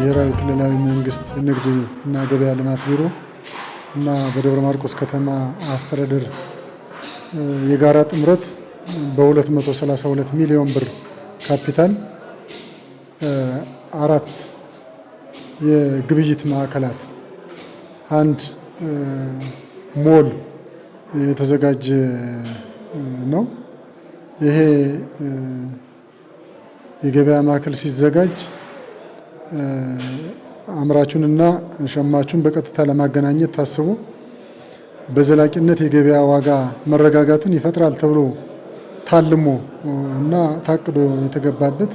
ብሔራዊ ክልላዊ መንግስት ንግድ እና ገበያ ልማት ቢሮ እና በደብረ ማርቆስ ከተማ አስተዳደር የጋራ ጥምረት በ232 ሚሊዮን ብር ካፒታል አራት የግብይት ማዕከላት አንድ ሞል የተዘጋጀ ነው። ይሄ የገበያ ማዕከል ሲዘጋጅ አምራቹንና ሸማቹን በቀጥታ ለማገናኘት ታስቦ በዘላቂነት የገበያ ዋጋ መረጋጋትን ይፈጥራል ተብሎ ታልሞ እና ታቅዶ የተገባበት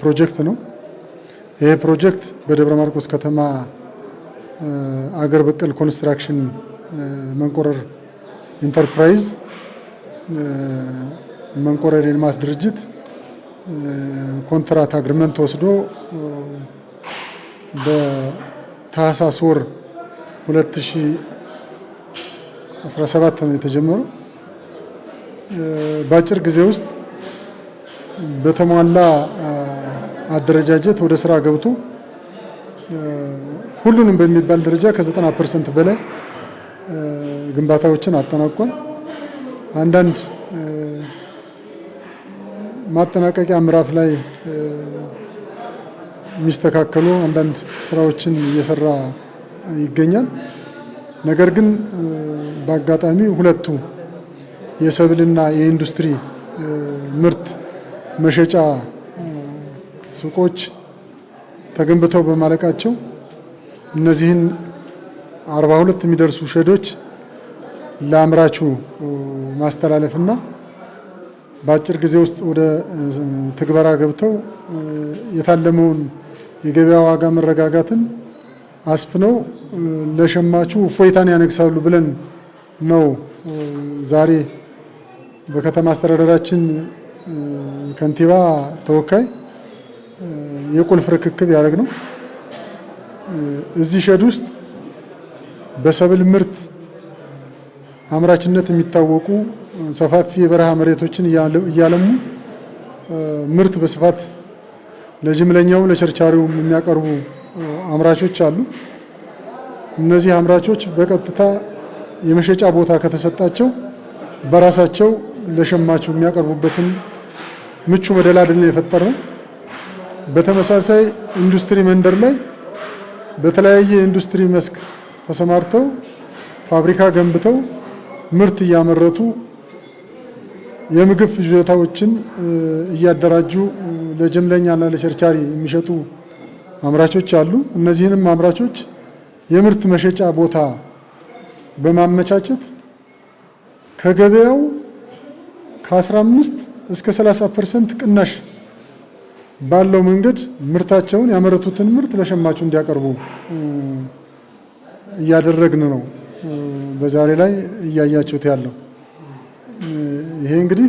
ፕሮጀክት ነው። ይሄ ፕሮጀክት በደብረ ማርቆስ ከተማ አገር በቀል ኮንስትራክሽን መንቆረር ኢንተርፕራይዝ መንቆረር የልማት ድርጅት ኮንትራት አግሪመንት ወስዶ በታህሳስ ወር 2017 ነው የተጀመረው። በአጭር ጊዜ ውስጥ በተሟላ አደረጃጀት ወደ ስራ ገብቶ ሁሉንም በሚባል ደረጃ ከ90 ፐርሰንት በላይ ግንባታዎችን አጠናቋል። አንዳንድ ማጠናቀቂያ ምዕራፍ ላይ የሚስተካከሉ አንዳንድ ስራዎችን እየሰራ ይገኛል። ነገር ግን በአጋጣሚ ሁለቱ የሰብልና የኢንዱስትሪ ምርት መሸጫ ሱቆች ተገንብተው በማለቃቸው እነዚህን አርባ ሁለት የሚደርሱ ሸዶች ለአምራቹ ማስተላለፍና በአጭር ጊዜ ውስጥ ወደ ትግበራ ገብተው የታለመውን የገበያ ዋጋ መረጋጋትን አስፍነው ለሸማቹ እፎይታን ያነግሳሉ ብለን ነው ዛሬ በከተማ አስተዳደራችን ከንቲባ ተወካይ የቁልፍ ርክክብ ያደረግ ነው። እዚህ ሸድ ውስጥ በሰብል ምርት አምራችነት የሚታወቁ ሰፋፊ የበረሃ መሬቶችን እያለሙ ምርት በስፋት ለጅምለኛውም ለቸርቻሪውም የሚያቀርቡ አምራቾች አሉ። እነዚህ አምራቾች በቀጥታ የመሸጫ ቦታ ከተሰጣቸው በራሳቸው ለሸማቹ የሚያቀርቡበትን ምቹ መደላድል ነው የፈጠረው። በተመሳሳይ ኢንዱስትሪ መንደር ላይ በተለያየ ኢንዱስትሪ መስክ ተሰማርተው ፋብሪካ ገንብተው ምርት እያመረቱ የምግብ ፍጆታዎችን እያደራጁ ለጀምለኛና ለቸርቻሪ የሚሸጡ አምራቾች አሉ። እነዚህንም አምራቾች የምርት መሸጫ ቦታ በማመቻቸት ከገበያው ከ15 እስከ 30 ፐርሰንት ቅናሽ ባለው መንገድ ምርታቸውን ያመረቱትን ምርት ለሸማቹ እንዲያቀርቡ እያደረግን ነው። በዛሬ ላይ እያያችሁት ያለው። ይሄ እንግዲህ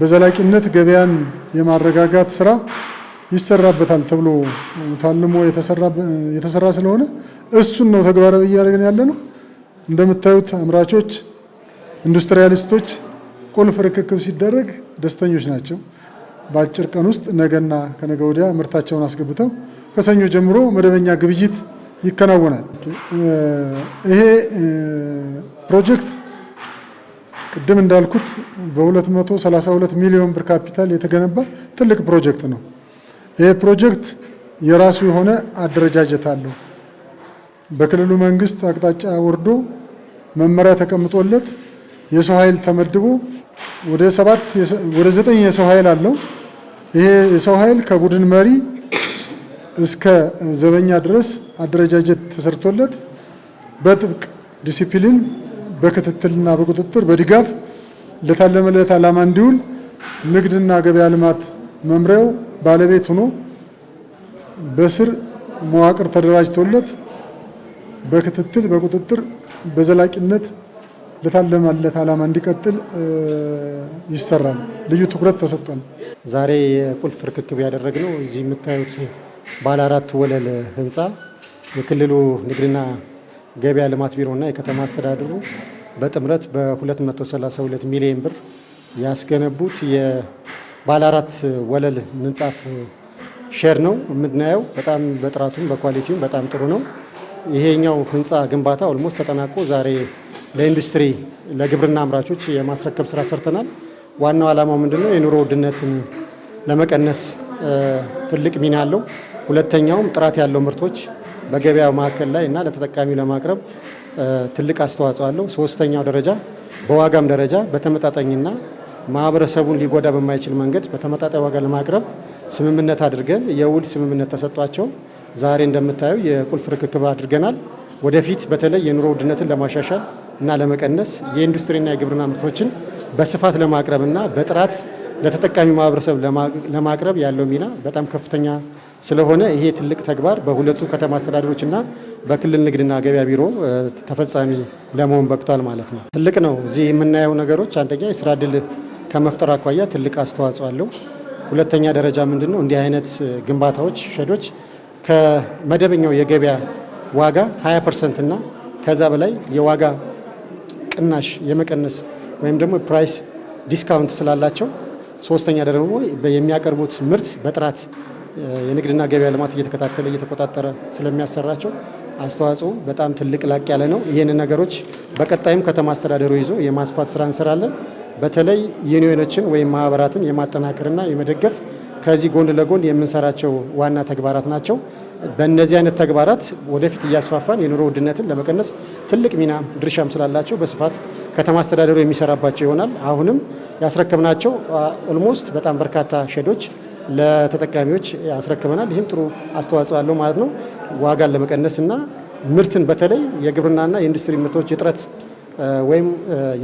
በዘላቂነት ገበያን የማረጋጋት ስራ ይሰራበታል ተብሎ ታልሞ የተሰራ ስለሆነ እሱን ነው ተግባራዊ እያደረግን ያለ ነው። እንደምታዩት አምራቾች፣ ኢንዱስትሪያሊስቶች ቁልፍ ርክክብ ሲደረግ ደስተኞች ናቸው። በአጭር ቀን ውስጥ ነገና ከነገ ወዲያ ምርታቸውን አስገብተው ከሰኞ ጀምሮ መደበኛ ግብይት ይከናወናል። ይሄ ፕሮጀክት ቅድም እንዳልኩት በ232 ሚሊዮን ብር ካፒታል የተገነባ ትልቅ ፕሮጀክት ነው። ይሄ ፕሮጀክት የራሱ የሆነ አደረጃጀት አለው። በክልሉ መንግስት አቅጣጫ ወርዶ መመሪያ ተቀምጦለት የሰው ኃይል ተመድቦ ወደ ሰባት ወደ ዘጠኝ የሰው ኃይል አለው። ይሄ የሰው ኃይል ከቡድን መሪ እስከ ዘበኛ ድረስ አደረጃጀት ተሰርቶለት በጥብቅ ዲሲፕሊን በክትትልና በቁጥጥር በድጋፍ ለታለመለት ዓላማ እንዲውል ንግድና ገበያ ልማት መምሪያው ባለቤት ሆኖ በስር መዋቅር ተደራጅቶለት በክትትል በቁጥጥር በዘላቂነት ለታለመለት ዓላማ እንዲቀጥል ይሰራል። ልዩ ትኩረት ተሰጥቷል። ዛሬ የቁልፍ ርክክብ ያደረግነው እዚህ የምታዩት ባለ አራት ወለል ህንፃ የክልሉ ንግድና ገበያ ልማት ቢሮና የከተማ አስተዳደሩ በጥምረት በ232 ሚሊዮን ብር ያስገነቡት የባለ አራት ወለል ምንጣፍ ሼር ነው የምናየው። በጣም በጥራቱም በኳሊቲውም በጣም ጥሩ ነው። ይሄኛው ህንፃ ግንባታ ኦልሞስት ተጠናቆ ዛሬ ለኢንዱስትሪ ለግብርና አምራቾች የማስረከብ ስራ ሰርተናል። ዋናው ዓላማው ምንድነው? የኑሮ ውድነትን ለመቀነስ ትልቅ ሚና አለው። ሁለተኛውም ጥራት ያለው ምርቶች በገበያው ማዕከል ላይ እና ለተጠቃሚ ለማቅረብ ትልቅ አስተዋጽኦ አለው። ሶስተኛው ደረጃ በዋጋም ደረጃ በተመጣጣኝና ማህበረሰቡን ሊጎዳ በማይችል መንገድ በተመጣጣኝ ዋጋ ለማቅረብ ስምምነት አድርገን የውል ስምምነት ተሰጧቸው ዛሬ እንደምታዩ የቁልፍ ርክክብ አድርገናል። ወደፊት በተለይ የኑሮ ውድነትን ለማሻሻል እና ለመቀነስ የኢንዱስትሪና የግብርና ምርቶችን በስፋት ለማቅረብ እና በጥራት ለተጠቃሚ ማህበረሰብ ለማቅረብ ያለው ሚና በጣም ከፍተኛ ስለሆነ ይሄ ትልቅ ተግባር በሁለቱ ከተማ አስተዳደሮችና በክልል ንግድና ገበያ ቢሮ ተፈጻሚ ለመሆን በቅቷል ማለት ነው። ትልቅ ነው። እዚህ የምናየው ነገሮች አንደኛ የስራ እድል ከመፍጠር አኳያ ትልቅ አስተዋጽኦ አለው። ሁለተኛ ደረጃ ምንድን ነው እንዲህ አይነት ግንባታዎች ሸዶች ከመደበኛው የገበያ ዋጋ 20 ፐርሰንት እና ከዛ በላይ የዋጋ ቅናሽ የመቀነስ ወይም ደግሞ ፕራይስ ዲስካውንት ስላላቸው፣ ሶስተኛ ደግሞ የሚያቀርቡት ምርት በጥራት የንግድና ገበያ ልማት እየተከታተለ እየተቆጣጠረ ስለሚያሰራቸው አስተዋጽኦ በጣም ትልቅ ላቅ ያለ ነው። ይህን ነገሮች በቀጣይም ከተማ አስተዳደሩ ይዞ የማስፋት ስራ እንሰራለን። በተለይ ዩኒዮኖችን ወይም ማህበራትን የማጠናከርና የመደገፍ ከዚህ ጎን ለጎን የምንሰራቸው ዋና ተግባራት ናቸው። በእነዚህ አይነት ተግባራት ወደፊት እያስፋፋን የኑሮ ውድነትን ለመቀነስ ትልቅ ሚና ድርሻም ስላላቸው በስፋት ከተማ አስተዳደሩ የሚሰራባቸው ይሆናል። አሁንም ያስረከብናቸው ኦልሞስት በጣም በርካታ ሼዶች ለተጠቃሚዎች ያስረክበናል። ይህም ጥሩ አስተዋጽኦ አለው ማለት ነው። ዋጋን ለመቀነስ እና ምርትን በተለይ የግብርናና የኢንዱስትሪ ምርቶች እጥረት ወይም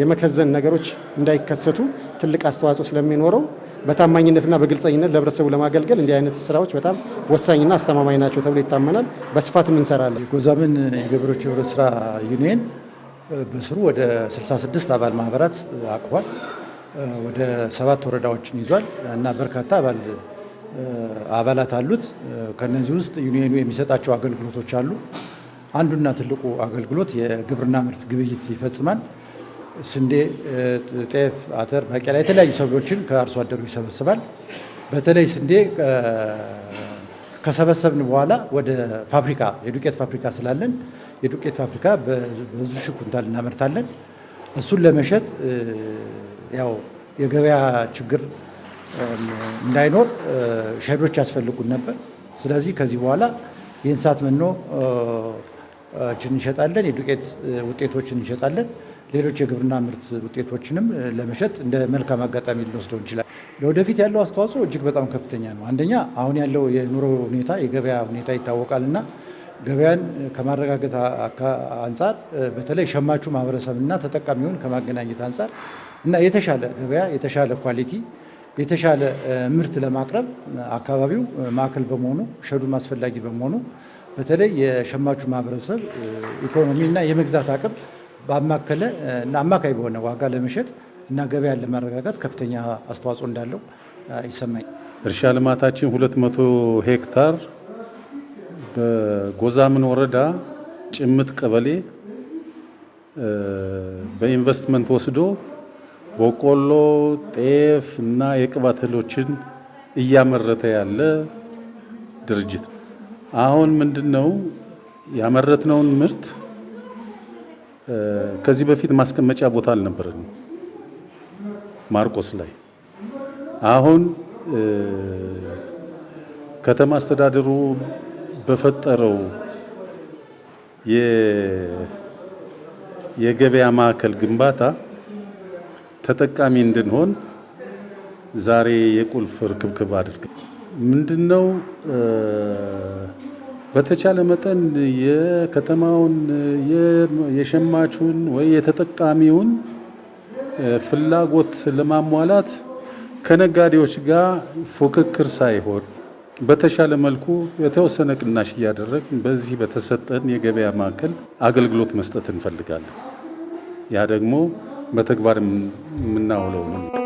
የመከዘን ነገሮች እንዳይከሰቱ ትልቅ አስተዋጽኦ ስለሚኖረው በታማኝነትና በግልጸኝነት ለህብረተሰቡ ለማገልገል እንዲህ አይነት ስራዎች በጣም ወሳኝና አስተማማኝ ናቸው ተብሎ ይታመናል። በስፋትም እንሰራለን። የጎዛምን የገበሬዎች የህብረት ስራ ዩኒየን በስሩ ወደ 66 አባል ማህበራት አቅፏል። ወደ ሰባት ወረዳዎችን ይዟል እና በርካታ አባል አባላት አሉት። ከነዚህ ውስጥ ዩኒየኑ የሚሰጣቸው አገልግሎቶች አሉ። አንዱና ትልቁ አገልግሎት የግብርና ምርት ግብይት ይፈጽማል። ስንዴ፣ ጤፍ፣ አተር፣ ባቄላ የተለያዩ ሰብሎችን ከአርሶ አደሩ ይሰበስባል። በተለይ ስንዴ ከሰበሰብን በኋላ ወደ ፋብሪካ የዱቄት ፋብሪካ ስላለን የዱቄት ፋብሪካ በብዙ ሺህ ኩንታል እናመርታለን። እሱን ለመሸጥ ያው የገበያ ችግር እንዳይኖር ሸዶች ያስፈልጉን ነበር። ስለዚህ ከዚህ በኋላ የእንስሳት መኖ እንሸጣለን፣ የዱቄት ውጤቶችን እንሸጣለን። ሌሎች የግብርና ምርት ውጤቶችንም ለመሸጥ እንደ መልካም አጋጣሚ ልንወስደው እንችላለን። ለወደፊት ያለው አስተዋጽኦ እጅግ በጣም ከፍተኛ ነው። አንደኛ አሁን ያለው የኑሮ ሁኔታ የገበያ ሁኔታ ይታወቃልና ገበያን ከማረጋገጥ አንጻር በተለይ ሸማቹ ማህበረሰብና ተጠቃሚውን ከማገናኘት አንጻር እና የተሻለ ገበያ የተሻለ ኳሊቲ የተሻለ ምርት ለማቅረብ አካባቢው ማዕከል በመሆኑ ሸዱም አስፈላጊ በመሆኑ በተለይ የሸማቹ ማህበረሰብ ኢኮኖሚ እና የመግዛት አቅም ባማከለ እና አማካይ በሆነ ዋጋ ለመሸጥ እና ገበያን ለማረጋጋት ከፍተኛ አስተዋጽኦ እንዳለው ይሰማኝ። እርሻ ልማታችን 200 ሄክታር በጎዛምን ወረዳ ጭምት ቀበሌ በኢንቨስትመንት ወስዶ በቆሎ፣ ጤፍ እና የቅባት እህሎችን እያመረተ ያለ ድርጅት ነው። አሁን ምንድን ነው ያመረትነውን ምርት ከዚህ በፊት ማስቀመጫ ቦታ አልነበረን ማርቆስ ላይ። አሁን ከተማ አስተዳደሩ በፈጠረው የገበያ ማዕከል ግንባታ ተጠቃሚ እንድንሆን ዛሬ የቁልፍ ርክብክብ አድርገ ምንድነው በተቻለ መጠን የከተማውን የሸማቹን ወይ የተጠቃሚውን ፍላጎት ለማሟላት ከነጋዴዎች ጋር ፉክክር ሳይሆን በተሻለ መልኩ የተወሰነ ቅናሽ እያደረግን በዚህ በተሰጠን የገበያ ማዕከል አገልግሎት መስጠት እንፈልጋለን። ያ ደግሞ በተግባር የምናውለው ነው።